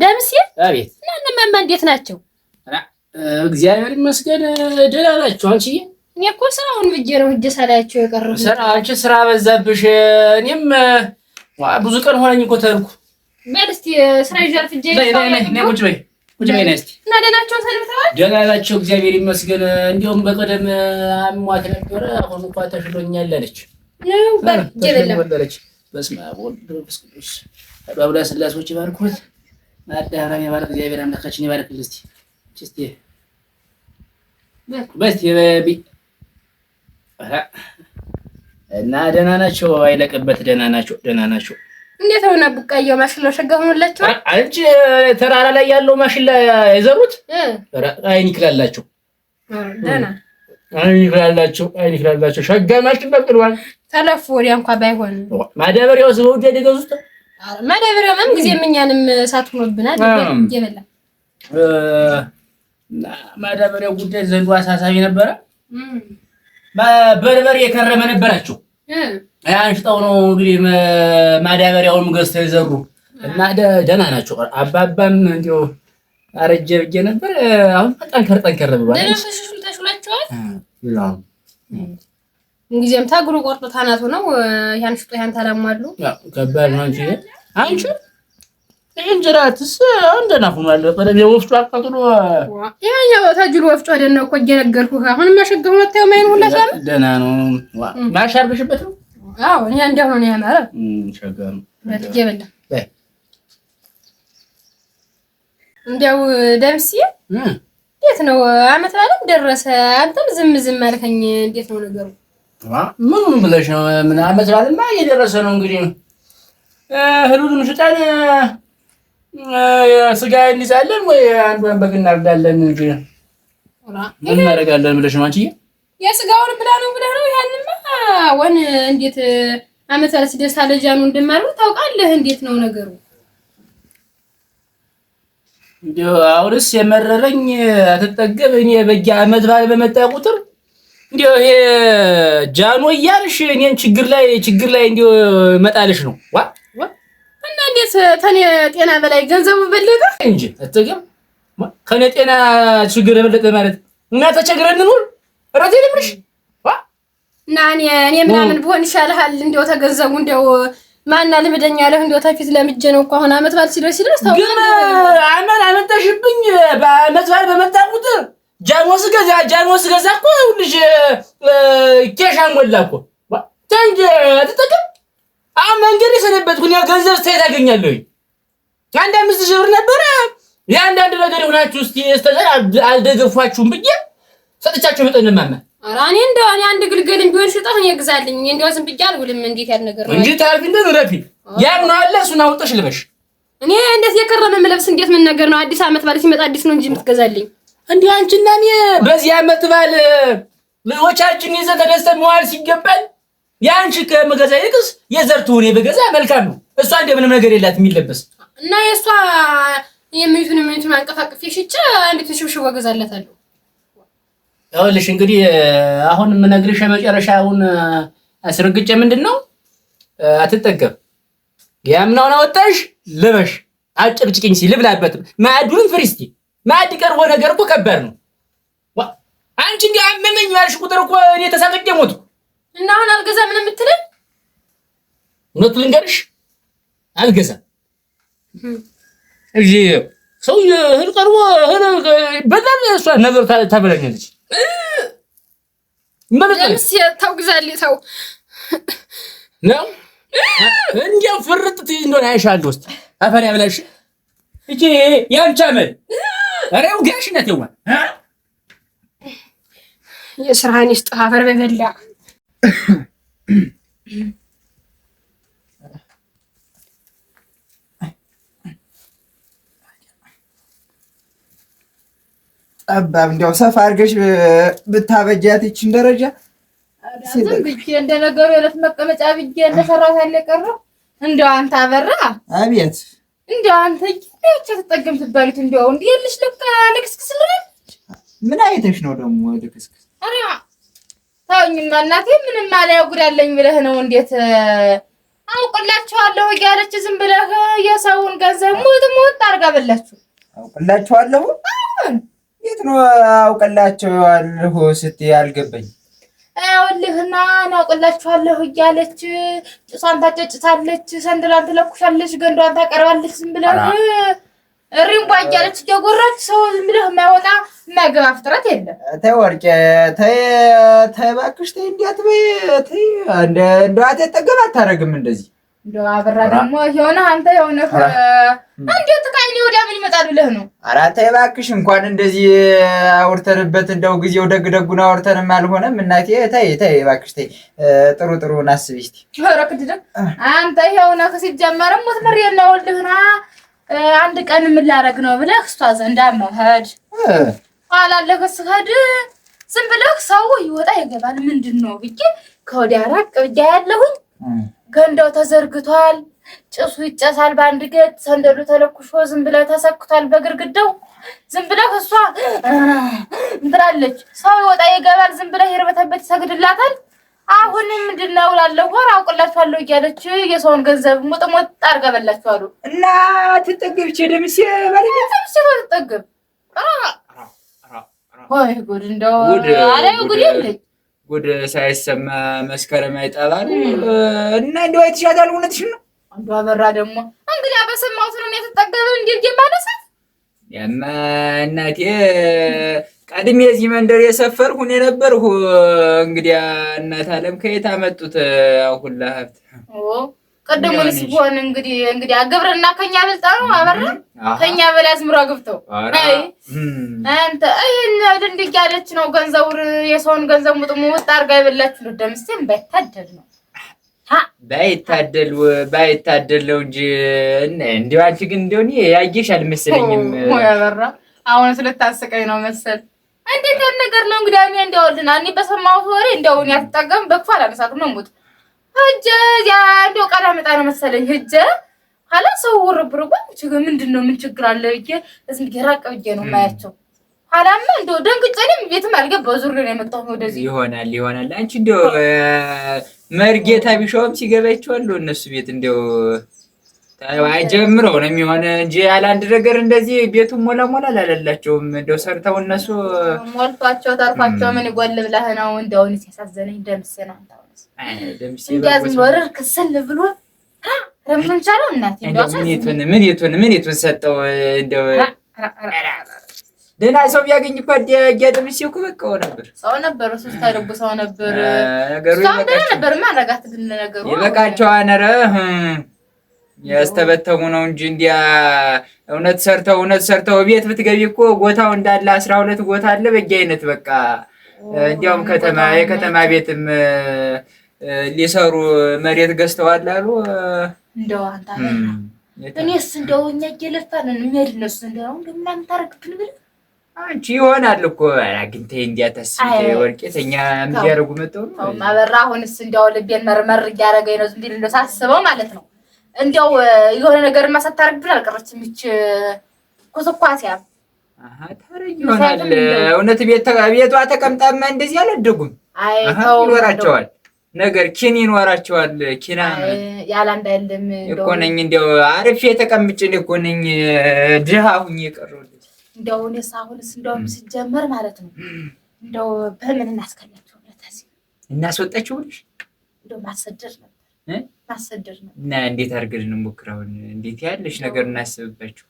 ደምሴ አቤት። እና እነማማ እንዴት ናቸው? እግዚአብሔር ይመስገን ደህና ናቸው። አንቺዬ እኔ እኮ ስራውን ብዬ ነው ሳላያቸው ስራ አንቺ ስራ በዛብሽ። እኔም ብዙ ቀን ሆነኝ እኮ ተልኩ። በል እስኪ ስራ ፍጄ ቁጭ በይ ቁጭ በይ እስኪ። እና ደህና ናቸው ደህና ናቸው እግዚአብሔር ይመስገን። እንዲሁም በቀደም አሟት ነበረ፣ አሁን እንኳ ተሽሎኛል አለች። በስመ አብ ወወልድ ወመንፈስ ቅዱስ አባብላ ስላሶች ይባርኩት። ማዳራም የባርክ እግዚአብሔር አምላካችን ይባርክ። ልስቲ ቺስቲ በስ የቢ እና ደህና ናቸው። አይለቅበት ደህና ናቸው፣ ደህና ናቸው። እንዴት ሆነ ቡቃየው? ማሽላው ሸገሙላችሁ? አንቺ ተራራ ላይ ያለው ማሽላ የዘሩት አይን ይክላላችሁ፣ አይን ይክላላችሁ፣ አይን ይክላላችሁ። ሸገማችሁ በቅሏል። ተለፉ ወዲያ እንኳን ባይሆን ማዳበሪያው ስበው ደገዙት ማዳበሪያም ጊዜም እኛንም እሳት ሆኖብናል። እየበላ ማዳበሪያው ጉዳይ ዘንዱ አሳሳቢ ነበረ። በርበሬ የከረመ ነበራቸው። አንሽጠው ነው እንግዲህ ማዳበሪያውንም ገዝተው የዘሩ እና ደህና ናቸው። አባባም እንዲያው አረጀ ብዬ ነበር። አሁን ጠንከር ጠንከር ብሏል። እንግዲህም ታግሩ ቆርጦ ታናቱ ነው ያን ሽጦ ያን ታላማሉ ያው ከባድ ነው። እንጂ አንቺ እንጀራትስ እንደናፉ ማለት ወደ ወፍጮ አቃጥሎ ያኛው ታጅሉ ወፍጮ ደነ እኮ እየነገርኩህ። አሁን ማሸገው ወጣው ማይን ሁላ ሳም ደና ነው ማሻርብሽበት ነው። አዎ እኛ እንደው ነው ያማረ ሸገሩ በትጄ በላ እንዲያው ደምሲ እንዴት ነው አመት ባለም ደረሰ። አንተም ዝም ዝም አልከኝ። እንዴት ነው ነገሩ? ምን ብለሽ ነው? ምን አመት በዓልማ እየደረሰ ነው። እንግዲህ እህሉንም ሽጠን ስጋ እንይዛለን ወይ አንዷን በግ እናርዳለን እንጂ ምን እናደርጋለን ብለሽ ነው አንቺዬ? የስጋውን ብላ ነው ብላ ነው። ያንማ ወን እንዴት አመት በዓል ሲደርስ አለጃኑ እንደማርው ታውቃለህ። እንዴት ነው ነገሩ? አሁንስ የመረረኝ አትጠገብ እኔ በየ አመት በዓል በመጣ ቁጥር እንዲያው ይሄ ጃኖ እያልሽ እኔን ችግር ላይ ችግር ላይ እንዲያው መጣልሽ ነው ዋ እና እንዴት ተኔ ጤና በላይ ገንዘቡ በለጠ እንጂ አትገም ከኔ ጤና ችግር በለጠ ማለት እና ተቸግረን ነው ረት ልምርሽ እና እኔ እኔ ምናምን ብሆን ይሻልሃል። እንዲያው ተገንዘቡ እንዲያው ማና ልምደኛ አለሁ እንዲያው ተፊት ለምጀ ነው እኮ አሁን አመት ባል ሲደርስ ሲደርስ ግን አመን አመንተሽብኝ በአመት በዓል በመጣ ቁጥር ጃኖስ ገዛ ጃኖስ ገዛ እኮ ልጅ ኬሻ ሞላ እኮ ታንጀ አትጠቀም። አሁን መንገድ የሰነበትኩ እኔ ገንዘብ ስታየት አገኛለሁ። አንድ አምስት ሺህ ብር ነበረ የአንዳንድ ነገር የሆናችሁ እስኪ ስተጠር አልደገፏችሁም ብዬ ሰጥቻችሁ መጠን ማመ ኧረ እኔ እንደው እኔ አንድ ግልገልም ቢሆን ሽጠህ እኔ ግዛልኝ። እንደው ዝም ብዬ አልውልም። እንዴት ያለ ነገር ነው እንዴት አልፊ እንደ ረፊ ያም ነው አለ እሱን አውጥተሽ ልበሽ። እኔ እንደዚህ የከረመ የምለብስ እንዴት ምን ነገር ነው? አዲስ አመት ባለ ሲመጣ አዲስ ነው እንጂ የምትገዛልኝ እንዲህ አንቺና እኔ በዚህ ዓመት በዓል ልጆቻችን ይዘ ተደስተ መዋል ሲገባል የአንቺ ከመገዛ ይልቅስ የዘር ሆኔ በገዛ መልካም ነው። እሷ እንደምንም ነገር የላት የሚለበስ እና የእሷ የምኒቱን የምኒቱን አንቀፋቅፍ ሽጫ እንዴት ተሽብሽቦ እገዛላታለሁ። ይኸውልሽ እንግዲህ አሁን የምነግርሽ የመጨረሻውን አስረግጬ ምንድን ነው አትጠገብ ያምናውን አወጣሽ ልበሽ አጭቅጭቅኝ ሲልብላበት ማዕዱን ፍሪስቲ ማዕድ ቀርቦ ነገር እኮ ከባድ ነው። አንቺ እንዲህ አመመኝ ያልሽ ቁጥር እኮ እኔ ተሳቅቄ ሞትኩ። እና አሁን አልገዛ ምን የምትለኝ? እውነቱን ልንገርሽ አልገዛ እዚ ሰው እህል ቀርቦ በጣም እሷ ነገር ታበላኛለች። መልስ ታውግዛል ሰው ነው እንዲያው ፍርጥት እንደሆነ አይሻል ውስጥ አፈር ያብላሽ እቺ ያንቺ አመል ሬው ጋሽነት ይዋ የስራህን ይስጥ አፈር በበላ ጠባብ እንዲያው ሰፋ አድርገሽ ብታበጃት ይችን ደረጃ እንደነገሩ የዕለት መቀመጫ ብዬ እንደሰራት ያለ ቀረው እንዲያው አንተ አበራ አቤት እንደ አንተ ብቻ ትጠገም ትባሉት እንዲያው እንዲ የልሽ ለካ ልክስክስ ልላለች። ምን አይተሽ ነው ደግሞ ልክስክስ? ኧረ ተውኝማ እናቴ፣ ምንም አልያ ጉዳለኝ ብለህ ነው እንዴት አውቅላችኋለሁ እያለች ዝም ብለህ የሰውን ገንዘብ ሞት ሞት አድርጋ በላችሁ። አውቅላችኋለሁ የት ነው አውቅላችኋለሁ ስትይ አልገባኝም አውልህና እናውቅላችኋለሁ እያለች ጭሷን ታጨጭታለች፣ ሰንደሏን ትለኩሻለች፣ ገንዷን ታቀርባለች። ዝም ብለህ ሪንጓ እያለች እያጎራች ሰው ዝም ብለህ የማይወጣ የማይገባ ፍጥረት የለም። ተይ ወርቄ፣ ተይ ተይ እባክሽ ተይ፣ እንዲህ አትበይ። ተይ እንደ እንደው አትጠገብ አታደርግም እንደዚህ እንደው አበራ ደግሞ የሆነ አንተ የሆነ እንዲሁ ጥቃኝ ምን ይመጣል ብለህ ነው? ኧረ ተይ እባክሽ፣ እንኳን እንደዚህ አውርተንበት እንደው ጊዜው ደግ ደጉን አውርተንም አልሆነም። እናቴ ተይ ተይ እባክሽ ተይ፣ ጥሩ ጥሩ ናስቢ እስኪ። ኧረ ክድደ አንተ ይኸው ነህ ሲጀመርም ሙትምር የናወልህና አንድ ቀን ምን ላደርግ ነው ብለህ እሷ ዘንዳ መውሰድ ኋላ ለከስከድ ዝም ብለህ ሰው ይወጣ ይገባል ምንድን ነው ብዬ ከወዲያ ራቅ ብዬ ያለሁኝ ገንዳው ተዘርግቷል። ጭሱ ይጨሳል። በአንድ ገት ሰንደሉ ተለኩሾ ዝም ብለ ተሰክቷል በግርግዳው። ዝም ብለ እሷ እንትላለች። ሰው ይወጣ ይገባል። ዝም ብለ ይርበተበት ይሰግድላታል። አሁንም ምንድነው ላለው ወር አውቅላችኋለሁ እያለች የሰውን ገንዘብ ሙጥሙጥ አርገበላችኋሉ እና ትጠግብች ደምሴ ባለቤትምሴ ትጠግብ ወይ ጉድ እንደው አለ ጉድ የለች ጉድ ሳይሰማ መስከረም አይጠላል እና እንደው አይተሻታል። እውነትሽ ነው አንዱ አበራ ደግሞ እንግዲህ በሰማሁት ነው የተጠገበ እንዲልጌ ማለሰት ያማ እናቴ ቀድሜ እዚህ መንደር የሰፈርኩ እኔ ነበርኩ። እንግዲህ እናት አለም ከየት አመጡት ሁላ ሀብት ቅድሙንስ ቢሆን እንግዲህ እንግዲህ ግብርና ከኛ ብልጣ ነው አበራ ከኛ በላይ አዝምሮ አግብተው አንተ ይህን ድንድቅ ያለች ነው ገንዘቡን የሰውን ገንዘብ ሙጥሙ ውጥ አርጋ የበላችሁ ደምስቴን ባይታደል ነው ባይታደል ባይታደል ነው እንጂ እንዲያው አንቺ ግን እንደው ያየሽ አልመሰለኝም። ያበራ አሁን ስለታሰቀኝ ነው መሰል እንዴት ያን ነገር ነው እንግዲህ እኔ እንደው ልና እኔ በሰማሁት ወሬ እንደው እኔ አትጠቀም በክፉ አላነሳትም ነው ሙት ሂጅ ያ እንደው ቃል አመጣ ነው መሰለኝ ሂጅ ኋላ ሰው ወርብሩባ ችግር ምንድን ነው ምን ችግር አለ ብዬ እዚህ ገራቀ ብዬ ነው ማያቸው። ኋላማ እንደው ደንግጬ እኔም ቤትም አልገባሁ ዙር ነው የመጣሁት ወደዚህ። ይሆናል ይሆናል አንቺ እንደው መርጌታ ቢሾም ሲገባ ይቸዋለሁ እነሱ ቤት እንዲያው ጀምረው ነው የሚሆን እንጂ ያለ አንድ ነገር እንደዚህ ቤቱን ሞላ ሞላ አላለላቸውም። እንደው ሰርተው እነሱ ሞልቷቸው ተርፏቸው ምን ይጎል ብለህ ነው? እንደውን ሲያሳዘነኝ ደምሴ ነው እንደዚህ ክስል ብሎ ረምንቻለው እናት ምን የቱን ምን የቱን ሰጠው እንደው ደህና ሰው ቢያገኝ እኮ ዲያድም ሲኩ በቃ ነበር ሰው ነበር ሶስት ታደርጉ ሰው ነበር ነገሩ ነበር ማረጋት ግን ነገሩ ይበቃቸው አነረ ያስተበተሙ ነው እንጂ እንዲያ እውነት ሰርተው እውነት ሰርተው ቤት ብትገቢ እኮ ጎታው እንዳለ አስራ ሁለት ጎታ አለ በየ አይነት በቃ እንዲያውም ከተማ የከተማ ቤትም ሊሰሩ መሬት ገዝተዋል አሉ። እንደው አንተ እኔስ እንደው እኛ እየለፋን ነው የሚያድነሱ እንደው እንደምናምን ታረግብን ብለህ አንቺ ይሆናል እኮ አግኝተህ እንዲያተስ ወርቄት እኛ እንዲያደርጉ መጥተው ማበራ አሁንስ እንዲያው ልቤን መርመር እያደረገኝ ነው። ዝም ቢል ሳስበው ማለት ነው እንዲያው የሆነ ነገር ማሳታረግ ብላ አልቀረች ምች ኩስኳሲያ ያ ይሆናል እውነት ቤቷ ተቀምጣማ እንደዚህ አላደጉም። ይኖራቸዋል ነገር ኪን ይኖራቸዋል። ኪና ያለ እንዳይልም እኮ ነኝ እንዲያው አርፌ ተቀምጭን እኮ ነኝ ድሃ ሁኝ የቀረሁልሽ እንደው እኔስ አሁንስ እንደውም ሲጀመር ማለት ነው እንደው በምን እናስከላቸው እዚህ እናስወጣችሁ ብለሽ እንደው ማሰደር ነው ማሰደር ነው እና እንዴት አድርገን እንሞክረውን እንዴት ያለሽ ነገር እናስብባችሁ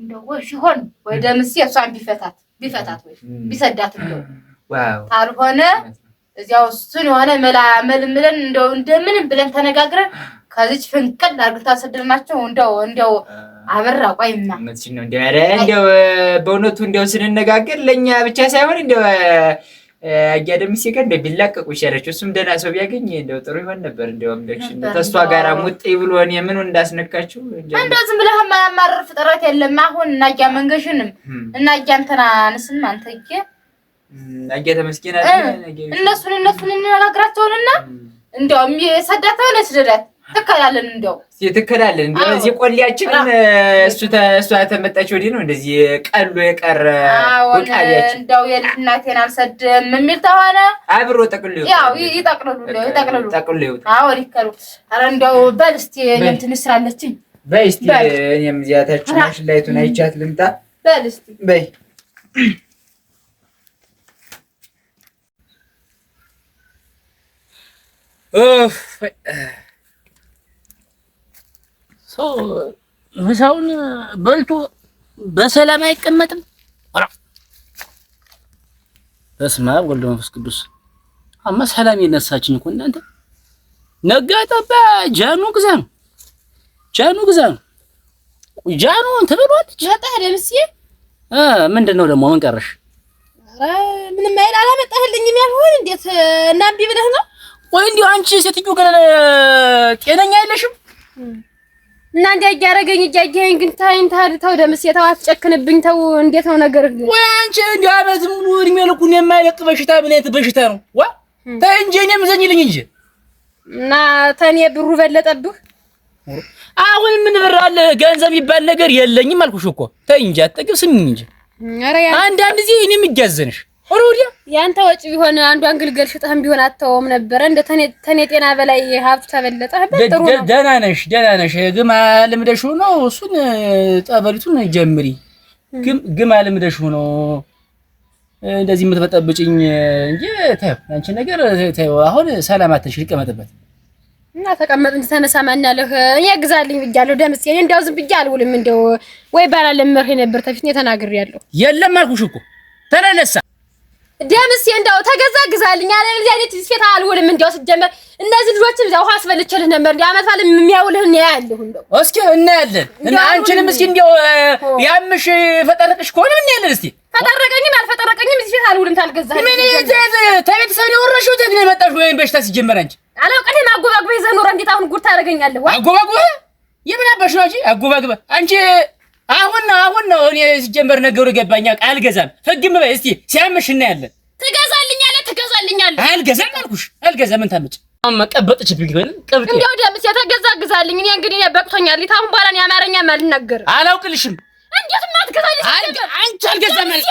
እንደው ወይ ሲሆን ወይ ደምሴ እሷን ቢፈታት ቢፈታት ወይ ቢሰዳት እንደው ዋው ካልሆነ እዚያው እሱን የሆነ መላ መልምለን እንደው እንደምንም ብለን ተነጋግረን ከዚች ፍንቅል አድርገን ታሰደርናቸው እንደው እንደው አበራ ቆይማ እንደው በእውነቱ እንደው ስንነጋገር ለእኛ ብቻ ሳይሆን እንደው አያደምሴ ጋር እንደው ቢላቀቁ ይሻላቸው። እሱም ደህና ሰው ቢያገኝ እንደው ጥሩ ይሆን ነበር። እንደው አምደሽ ተስቷ ጋር ሙጥ ብሎን የምኑ እንዳስነካችው እንደው ዝም ብለህ ማማረር ፍጥረት የለም። አሁን እናያ መንገሽንም እናያ እንትናንስም አንተዬ እናያ ተመስገን እነሱን እነሱን እንነጋግራቸውንና እንደውም ሰዳተውን ስደዳት ትከዳለን እንደው ትከዳለን። እንደዚህ ቆሌያችን እሱ እሷ ተመጣች ወዲህ ነው እንደዚህ ቀሎ የቀረ ቃያችን እንደው የልጅናቴን አልሰድም የሚል ተሆነ አብሮ ጠቅሎ ይጠቅልሉ ይጠቅልሉ ጠቅሎ ይውጥ። አዎ ሊከሩ ኧረ እንደው በል እስኪ እንትን ስራለችኝ። በይ እስኪ እኔም እዚያ ታች ማሽላይቱን አይቻት ልምጣ። በል እስኪ በይ ኦፍ ሰው ምሳውን በልቶ በሰላም አይቀመጥም። በስመ አብ ወልድ መንፈስ ቅዱስ። አማ ሰላም የነሳችን እኮ እናንተ ነጋ ጠባ ጃኑ ግዛ ነው ጃኑ ግዛ ነው ጃኑ እንትን ብሏት ሸጣ ደምሴ ምንድን ነው ደግሞ ምን ቀረሽ? ምንም አይል አላመጣህልኝም ያልሆን እንዴት እና እምቢ ብለህ ነው ወይ? እንዲሁ አንቺ ሴትዮ ገና ጤነኛ አይለሽም። እናንተ እንዲያ እያደረገኝ እያየኸኝ ግን ታይን ታዲያ ተው ደምስ ተው አትጨክንብኝ ተው እንዴት ነው ነገር ግን ወይ አንቺ እንዲህ አመት ሙሉ እድሜ ልኩን የማይለቅ በሽታ ምን አይነት በሽታ ነው ዋ ተይ እንጂ እኔም ዘኝልኝ እንጂ እና ተኔ ብሩ በለጠብህ አሁን ምን ብር አለ ገንዘብ ይባል ነገር የለኝም አልኩሽ እኮ ተይ እንጂ አትጠግብ ስሚኝ እንጂ አንዳንድ ጊዜ እኔም እያዘንሽ ወሩ ያንተ ወጪ ቢሆን አንዷን ግልገል ሽጠህም ቢሆን አተውም ነበረ። እንደ ተኔ ጤና በላይ ሀብት ተበለጠህበት። ጥሩ ነው። ደህና ነሽ፣ ደህና ነሽ። ግማ ልምደሽ ነው። እሱን ጠበሉቱን ጀምሪ። ግማ ልምደሽ ሆኖ እንደዚህ የምትበጠብጭኝ እንጂ ተይው፣ አንቺ ነገር ተይው። አሁን ሰላም አትልሽ፣ ልቀመጥበት እና ተቀመጥ እንጂ ተነሳ ማናለህ? ያግዛልኝ ብያለሁ። ደምስ የኔ እንደው ዝም ብዬ አልውልም። እንደው ወይ ባላለመርህ ነበር ተፊት ነው ተናግሬያለሁ። የለም አልኩሽ እኮ ተነሳ ደምስ እንደው ተገዛ ግዛልኝ አለ። ለዚህ አይነት ስፌት አልውልም። እንደው ሲጀመር እነዚህ ልጆችም እዛ ውሃ አስፈልቼልህ ነበር። እንደው አመት የሚያውልህ ነው ያለሁ። እንደው እስኪ እናያለን። አንቺንም እስኪ እንደው ያምሽ ፈጠረቅሽ ከሆነ እናያለን። እስኪ ፈጠረቀኝም አልፈጠረቀኝም እዚህ ስፌት አልውልም። ታልገዛህ ምን ይዘህ ተቤተሰብ ነው የወረሽው? ተት ነው የመጣሽው? ወይም በሽታ ሲጀመር አንቺ አላውቅህም። አጎባግበህ ይዘህ ኖረህ እንዴት አሁን ጉድ ታደርገኛለህ? አጎባግበህ የምን አባሽ ነው አንቺ? አጎባግበ አንቺ አሁን ነው አሁን ነው እኔ ሲጀመር ነገሩ ገባኛ። አልገዛም ፈግም በይ እስቲ ሲያምሽ እናያለን። ትገዛልኛለህ ትገዛልኛለህ። አልገዛም አልኩሽ አልገዛም። ምን ታመጭ አሁን መቀበጥሽ ቢገኝ ቀብጥ ደምስ የተገዛ ግዛልኝ። እኔ እንግዲህ በቅቶኛል። በኋላ አላውቅልሽም። እንዴት ማትገዛልኝ? አንቺ አልገዛም እንዴት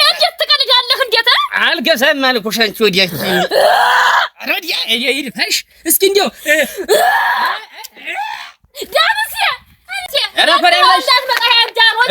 እንዴት አልገዛም አልኩሽ። አንቺ ወዲያ ወዲያ እስኪ ያ